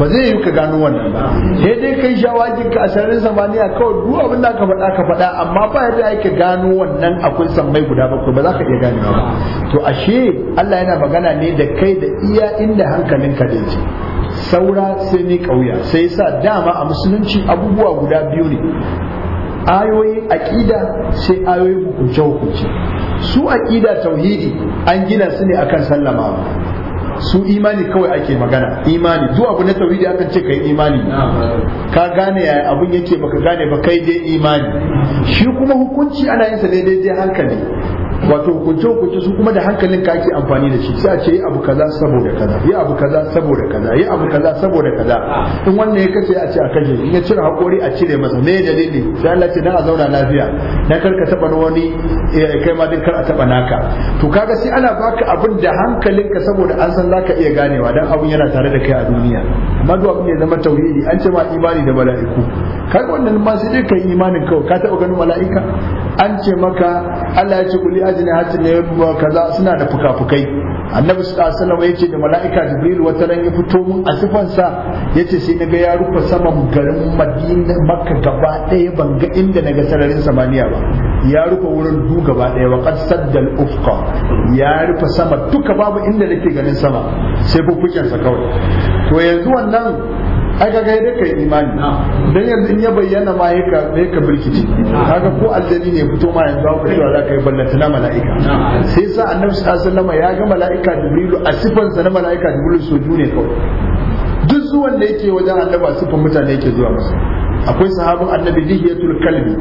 ba zai yi ka gano wannan ba sai dai kai shawajin ka a sararin samaniya kawai duk abin da ka faɗa ka faɗa amma ba yadda ai ka gano wannan akwai sammai guda bakwai ba za ka iya gano ba to ashe Allah yana magana ne da kai da iya inda hankalinka da je saura sai ni kauya sai sa dama a musulunci abubuwa guda biyu ne ayoyin aƙida sai ayoyin hukunce hukunce su aƙida tauhidi an gina su ne akan sallama su imani kawai ake magana imani duk abu na tauhidi akan ce kai imani ka gane yaya abun yake baka gane ba kai dai imani shi kuma hukunci ana yin sa ne daidai hankali wato hukunce hukunce su kuma da hankalin ka ake amfani da shi sai a ce yi abu kaza saboda kaza yi abu kaza saboda kaza yi abu kaza saboda kaza in wannan ya kace a ce a kaje in ya cire hakori a cire masa me dalili sai Allah ce dan a zauna lafiya dan kar ka taba wani eh, kai ma din kar a taba naka to kaga sai ana baka abin da hankalin ka saboda an san zaka iya ganewa dan abun yana tare da kai a duniya amma duk abin ya zama tauhidi an ce ma imani da mala'iku Kai wannan ma sai dai kai imanin kawai ka taba ganin mala'ika an ce maka Allah ya ce kuli ajini hatin ne kaza suna da fukafukai annabi sallallahu alaihi wasallam yace da mala'ika jibril wata ran ya fito mun a sifansa yace sai na ga ya rufe saman garin madina makka gaba ɗaya ban ga inda naga sararin samaniya ba ya rufa wurin du gaba ɗaya wa qad saddal ufqa ya rufe sama duka babu inda nake ganin sama sai fuffuken sa kawai to yanzu wannan ai kaga yadda kai imani dan yanzu in ya bayyana ma ya ka ka birkici kaga ko aljani ne fito ma yanzu ka cewa za ka yi ballanta na mala'ika sai sa annabi sallallahu alaihi wasallam ya ga mala'ika jibrilu a sa na mala'ika jibrilu soju ne kawai duk zuwan da yake wajen annabi a sifan mutane yake zuwa masa akwai sahabin annabi dihiyatul kalbi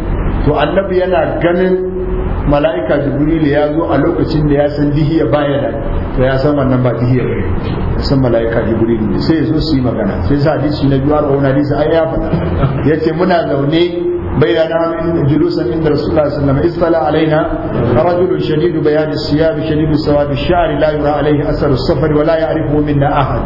to annabi yana ganin mala'ika jibrilu ya zo a lokacin da ya san dihiya baya da to ya san wannan ba dihiya ne san mala'ika jibrilu ne sai zo su yi magana sai sa hadisi na biyar wa hadisi ai ya fada yace muna zaune bayyana min julusan inda rasulullahi sallallahu alaihi wasallam isfala alaina rajul shadid bayan siyab shadid sawab shari la yura alaihi asar safar wa la ya'rifu minna ahad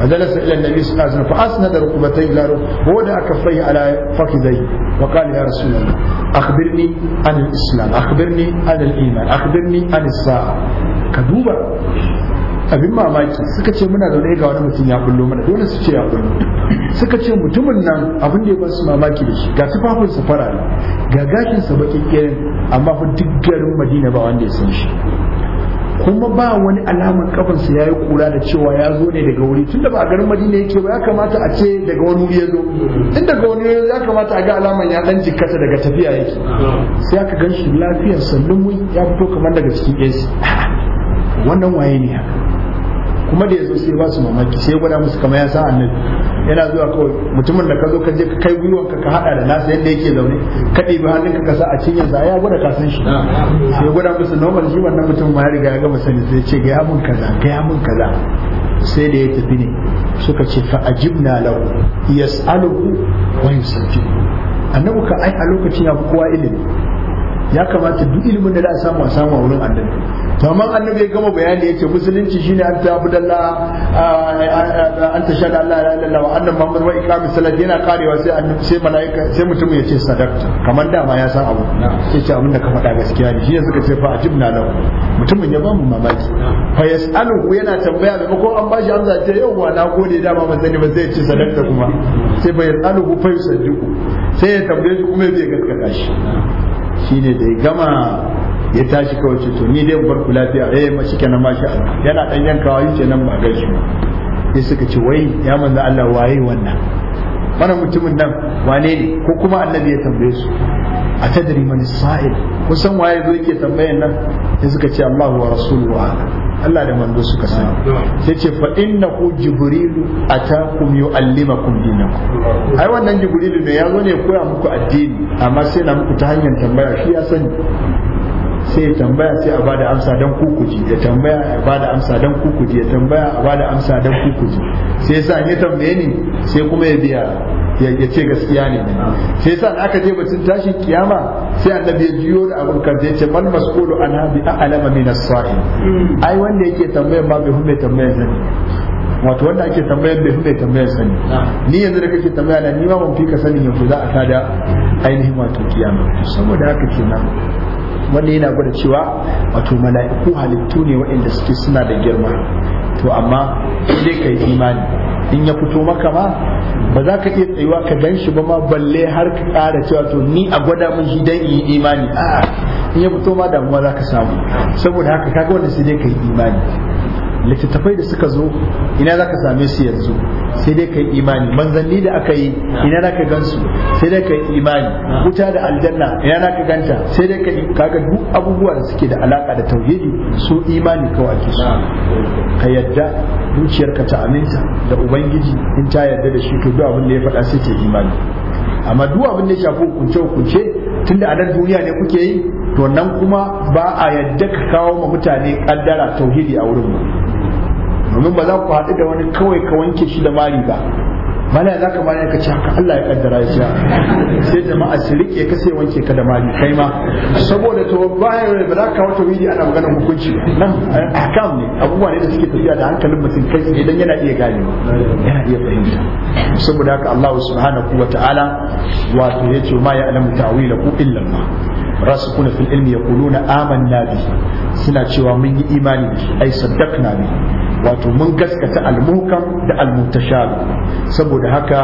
فجلس الى النبي صلى الله عليه وسلم فاسند ركبتيه الى ركبه ووضع كفيه على فخذيه وقال يا رسول الله اخبرني عن الاسلام اخبرني عن الايمان اخبرني عن الساعة كدوبا abin mamaki suka ce muna zaune ga wani mutum ya kullo mana dole su ce ya kullo suka ce mutumin nan abin da ya basu mamaki da shi ga tufafinsa farare ga gashin sa bakin irin amma fa duk garin madina ba wanda ya san shi kuma ba wani alamar kafansa ya yi kura da cewa ya zo ne daga wuri tunda ba a garin madina yake ba ya kamata a ce daga wani wuri ya zo in daga wani wuri ya kamata a ga alamar ya dan jikkata daga tafiya yake sai aka gan shi lafiyar sallin ya fito kamar daga cikin AC wannan waye ne haka kuma da yazo sai ba su mamaki sai gwada musu kamar ya sa annabi yana zuwa kawai mutumin da ka zo ka je ka kai gwiwanka ka hada da nasa yadda yake zaune ka ba hannunka ka sa a cinyar sa ya gwada ka san shi sai gwada musu normal shi wannan mutum ma ya riga ya gama sani sai ce ga ya mun kaza ga ya mun kaza sai da ya tafi ne suka ce fa ajibna lahu yas'aluhu wa yusajjibu annabi ka ai a lokacin ya kowa ilimi ya kamata duk ilimin da za a samu a samu a wurin annabi to amma annabi ya gama bayani yace musulunci shine an ta dalla an ta shada Allah la ilaha wa anna muhammad wa iqamis salat yana karewa sai annabi sai malaika sai mutum ya ce sadaqta kamar dama ya san abu sai ce abin da ka faɗa gaskiya ne shi ne suka ce fa ajibna lahu mutumin ya bamu mamaki fa yasaluhu yana tambaya da ko an bashi amsa ce yauwa na gode dama ban sani ba zai ce sadaqta kuma sai fa yasaluhu fa yusaddiqu sai ya tambaye shi kuma zai gaskata shi shine da ya gama ya tashi kawai ce to ni dai bar ku lafiya eh ma kenan ma sha Allah yana dan yankawa yace nan ba gaishe ba sai suka ce wai ya manzo Allah waye wannan mana mutumin nan wane ne ko kuma annabi ya tambaye su a tadri man sa'il kusan waye zo yake tambayan nan sai suka ce Allah wa rasuluhu Allah da manzo suka sani sai ce fa innahu jibrilu atakum yuallimakum dinakum ai wannan jibrilu ne ya zo ne koya muku addini amma sai na muku ta hanyar tambaya shi ya sani sai ya tambaya sai a bada amsa dan kukuji ya tambaya a bada amsa dan kukuji ya tambaya a bada amsa dan kukuji sai ya ne tambaye ni sai kuma ya biya Yayyace gaskiya ne sai sa da aka je bacin tashin kiyama sai annabi ya jiyo da abin kan zai ce man masqulu an habi a alama min as-sa'i hmm. ai wanda yake tambayar ba bai hume tambayar zani wato wanda ake tambayar bai hume tambayar sani ni yanzu da kake tambaya na ni ma ban fika sanin yanzu za a tada ainihin wato kiyama saboda haka kenan wanda yana gwada cewa wato mala'iku halittu ne waɗanda suke suna da girma to amma sai kai imani in ya fito maka ma ba za ka iya tsayuwa ka gan shi ba ma balle har ka kara cewa to ni a gwada mun shi dan yi imani a in ya fito ma damuwa za ka samu saboda haka kaga wanda sai dai ka yi imani littattafai da suka zo ina za ka same su yanzu sai dai ka yi imani manzanni da aka yi ina za ka gansu sai dai ka yi imani wuta da aljanna ina za ka ganta sai dai ka yi. kaga duk abubuwa da suke da alaka da tauhidi su imani kawai ake so ka yadda zuciyarka ta aminta da ubangiji in ta yadda da shi to duk abin da ya faɗa sai ta imani amma duk abin da ya shafi hukunce hukunce tunda a nan duniya ne kuke yi to nan kuma ba a yadda ka kawo ma mutane kaddara tauhidi a wurin mu domin ba za ku haɗu da wani kawai ka wanke shi da mari ba mana za ka bayan ka ce haka Allah ya kaddara ya sai jama'a su rike ka sai wanke ka da mali kai ma saboda to bayan ba za ka wata wili ana maganar hukunci nan akam ne abubuwa ne da suke tafiya da hankalin mutum kai tsaye idan yana iya gane yana iya fahimta saboda haka Allah subhanahu wa ta'ala wato yace ma ya alamu ta'wila ku illa Allah rasikuna fil ilmi yaquluna amanna bi suna cewa mun yi imani da shi ai saddaqna bi wato mun gaskata almuhkam da almutashabi saboda haka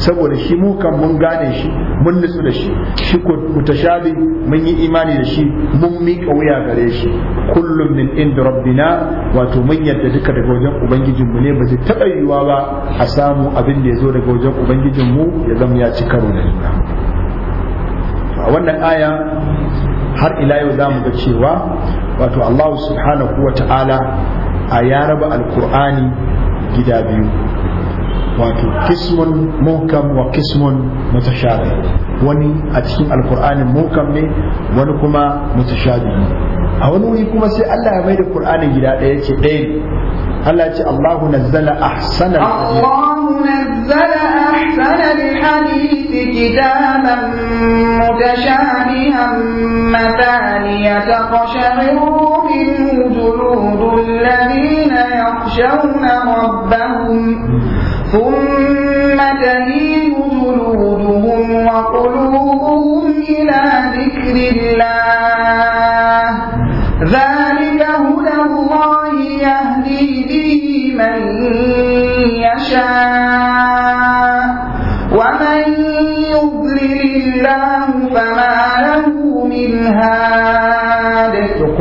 saboda shi muhkam mun gane shi mun nutsu da shi shi ko mutashabi mun yi imani da shi mun miƙa wuya gare shi kullum min inda rabbina wato mun yadda duka daga wajen ubangijin mu ne ba zai taɓa yiwuwa ba a samu abin da ya zo daga wajen ubangijin mu ya zama ya ci karo da juna a wannan aya har ila yau za mu ga cewa wato Allah subhanahu wa ta'ala a ya raba alkur'ani gida biyu wato kismun muhkam wa kismun mutashabi wani a cikin alkur'anin muhkam ne wani kuma mutashabi a wani wuri kuma sai Allah ya mai da qur'anin gida ɗaya ce ɗaya ne Allah ya ce Allahu nazzala ahsana Allahu nazzala أحسن الحديث كتابا متشابها مثانية تقشعر منه جلود الذين يخشون ربهم ثم تلين جلودهم وقلوبهم إلى ذكر الله ذلك هدى الله يهدي به من يشاء الله فما له من هاد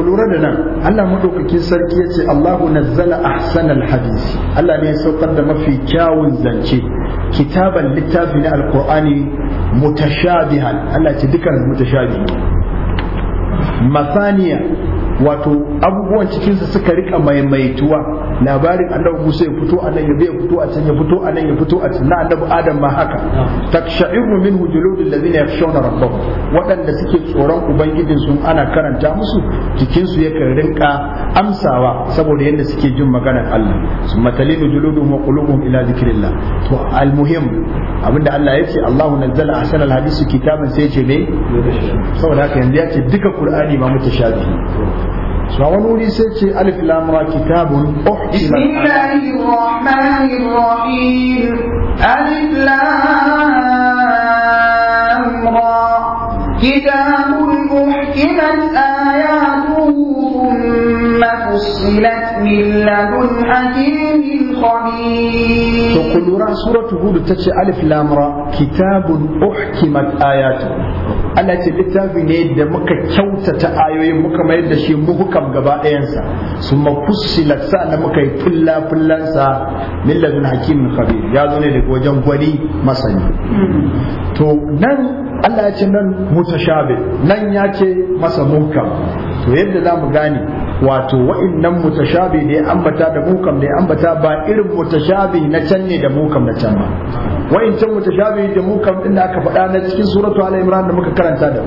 lura da nan Allah madaukakin sarki yace Allahu nazzala ahsanal hadisi Allah ne ya saukar da mafi kyawun zance kitaban littafi na alqur'ani mutashabihan Allah ce dukan mutashabi masaniya wato abubuwan cikinsa suka rika maimaituwa labarin annabi Musa ya fito a nan ya fito a can ya fito a nan ya fito a can na annabi Adam ma haka takshairu min hujuludil ladina yakhshawna rabbahum waɗanda suke tsoron ubangijin sun ana karanta musu jikinsu yakan rinka amsawa saboda yadda suke jin maganar Allah summa talinu juluduhum wa qulubuhum ila dhikrillah to almuhim abinda Allah ya Allahu nazzala ahsanal hadisi kitaban sai ya ce me saboda haka yanzu ya ce duka Qur'ani ma mutashabihi سوال ولي سيتي ألف لام را كتاب أحكي بسم الله الرحمن الرحيم ألف لام را كتاب أحكمت آياته ثم فصلت من لدن حكيم To lura suratu hudu ta ce alif lamura Kitabun uhkimat Ayatu. Allah ce littafi ne da muka kyautata ayoyin muka mayar da shi muhukam gaba ɗayansa su mafussila sa da muka yi fulla fullan sa hakimin khabir ya zo ne daga wajen gwani masani to nan Allah ya ce nan mutashabi nan ya ce masa muhkam to yadda za mu gane wato wa'annan mutashabi da ya ambata da mukam da ya ambata ba irin mutashabi na can ne da mukam na can ba wa'ancan mutashabi da mukam din da aka faɗa na cikin suratu ala imran da muka karanta da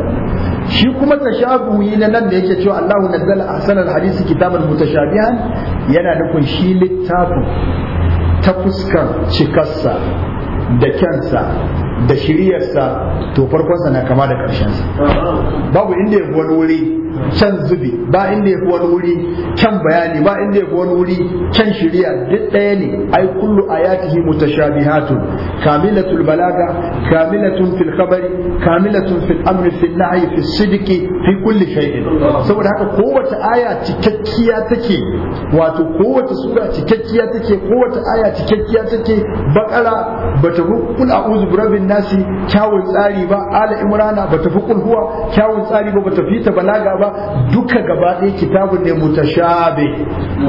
shi kuma tashabuhi na nan da yake cewa Allahu nazzala ahsanal hadisi kitaban mutashabihan yana nufin shi littafin ta fuskar cikarsa da kyansa da shiryarsa to farkonsa na kama da ƙarshensa babu inda ya wani wuri can zubi ba inda ya fi wani wuri can bayani ba inda ya fi wani wuri can shiriya duk ɗaya ne ai kullu ayatihi mutashabihatun kamilatul balaga kamilatun fil khabari kamilatun fil amri fil nahyi fil sidqi fi kulli shay'in saboda haka kowace aya cikakkiya take wato kowace sura cikakkiya take kowace aya cikakkiya take bakara bata rukul a'udhu birabbin nasi kyawun tsari ba ala imrana bata fi huwa kyawun tsari ba bata ta balaga ba ba duka gaba ɗaya kitabun ne mutashabe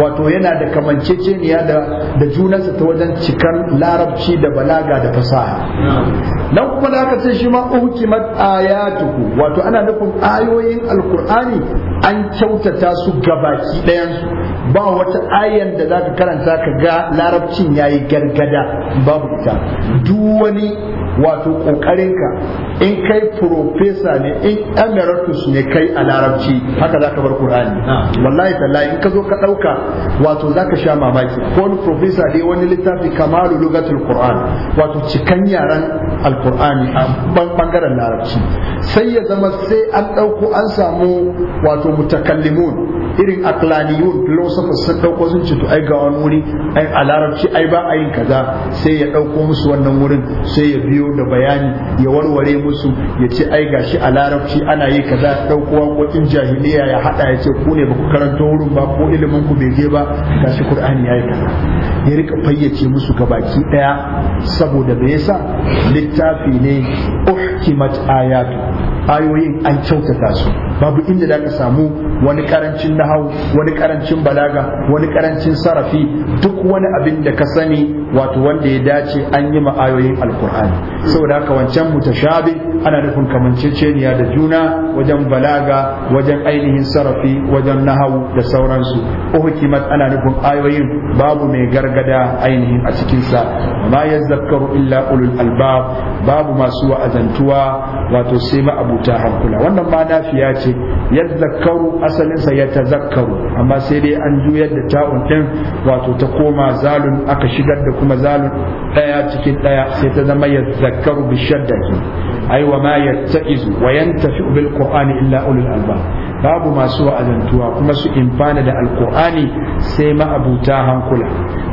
wato yana da kamanceceniya da da junansa ta wajen cikar larabci da balaga da fasaha nan kuma da aka ce shi ma uhkimat ayatuhu wato ana nufin ayoyin alkur'ani an kyautata su gabaki ɗayansu ba wata ayan da zaka karanta ka ga larabcin yayi gargada babu ita duk wani wato kokarinka in kai profesa ne in emeritus ne kai a larabci haka zaka bar ƙur'ani. wallahi tallahi in ka zo ka ɗauka wato zaka sha mamaki ko wani profesa dai wani littafi kamalu lugatul qur'an wato cikan yaran alqur'ani a bangaren larabci sai ya zama sai an ɗauko an samu wato mutakallimun irin aklaniyun filosofin sun ɗauko sun ci to ai ga wani wuri ai a larabci ai ba a yin kaza sai ya ɗauko musu wannan wurin sai ya biyo da bayani ya warware musu ya ce ai gashi a larabci ana yi kaza dauko waƙoƙin jahiliya ya haɗa ya ce ku ne ba ku karanta wurin ba ko ilimin ku bai je ba gashi qur'ani yi kaza ya rika fayyace musu ga baki ɗaya saboda me yasa littafi ne uhkimat ayatu ayoyin an kyautata su babu inda da ka samu wani karancin nahau wani karancin balaga wani karancin sarafi duk wani abin da ka sani wato wanda ya dace an yi ma'ayoyin alkur'ani saboda haka wancan mutashabi ana nufin kamanceceniya da juna wajen balaga wajen ainihin sarafi wajen nahawu da sauransu uhukimat ana nufin ayoyin babu mai gargada ainihin a cikinsa ma ya zakaru illa ulul albab babu masu wa'azantuwa wato sai ma'abuta hankula wannan ma nafiya ce ya zakaru asalinsa ya tazakkaru amma sai dai an juyar da ta'un din wato ta koma zalun aka shigar da kuma zalun daya cikin daya sai ta zama ya zakaru bishadda aiwa wa ma yatta'izu wa yantafi bil qur'ani illa ulul albab babu masu wa'azantuwa kuma su imfana da alqur'ani sai ma'abuta hankula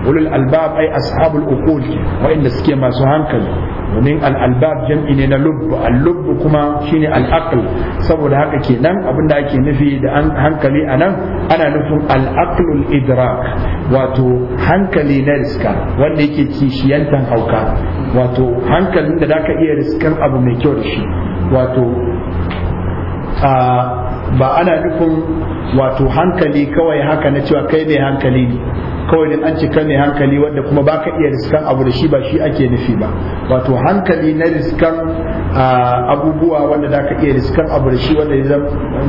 ulul albab ai ashabul uqul wa'inda suke masu hankali domin al albab jam'i ne na lubb al lubb kuma shine al aql saboda haka kenan abinda ake nufi da an hankali anan ana nufin al aqlul idrak wato hankali na riska wanda yake kishiyantan hauka wato hankalin da zaka iya riskan abu mai kyau da shi wato ba ana nufin wato hankali kawai haka na cewa kai mai hankali ne kawai din an cika ne hankali wanda kuma baka iya riskan abu da shi ba shi ake nufi ba wato hankali na riskan abubuwa wanda ka iya riskan abu da shi wanda ya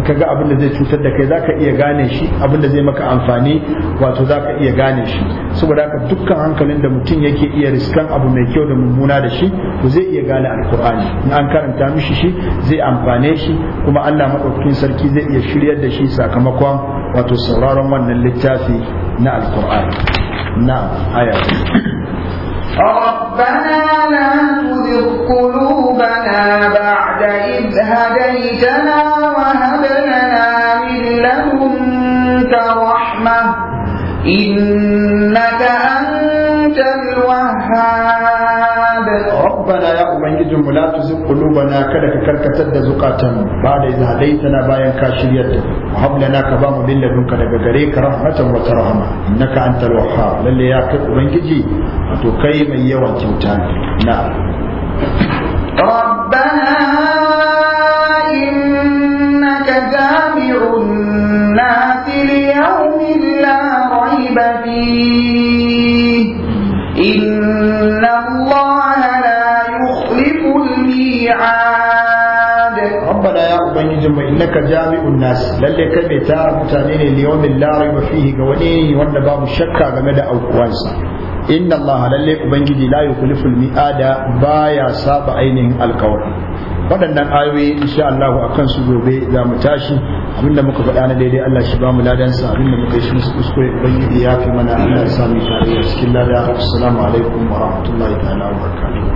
ka ga abin da zai cutar da kai za ka iya gane shi abin da zai maka amfani wato za ka iya gane shi saboda haka dukkan hankalin da mutum yake iya riskan abu mai kyau da mummuna da shi to zai iya gane alkur'ani in an karanta mishi shi zai amfane shi kuma Allah madaukakin sarki zai iya shiryar da shi sakamakon wato sauraron wannan littafi na alkur'ani na aya ربنا لا تزغ قلوبنا بعد إذ هديتنا وهب لنا من لدنك رحمة إنك أنت الوهاب rabbana ya ubangijin mu la tuzigh qulubana kada ka karkatar da zukatanmu ba da idza na bayan ka shiryar da wa hab lana ka ba mu min ladunka daga gare ka rahmatan wa tarhama innaka antal wahhab lalle ya kai ubangiji to kai mai yawan kyauta na rabbana innaka jami'un nas li la rayba fihi innaka jami'un nas lalle kai mai tara mutane ne liyomin la raiba fihi ga wani wanda babu shakka game da aukuwansa inna Allah lalle ubangiji la yukhliful mi'ada baya saba ainihin alkawari waɗannan ayoyi insha Allah akan su gobe za mu tashi abinda muka faɗa na daidai Allah shi ba mu ladan sa abinda muka yi shi musu kuskure ubangiji ya fi mana Allah ya sami tare cikin lada assalamu alaikum wa rahmatullahi ta'ala wa barakatuh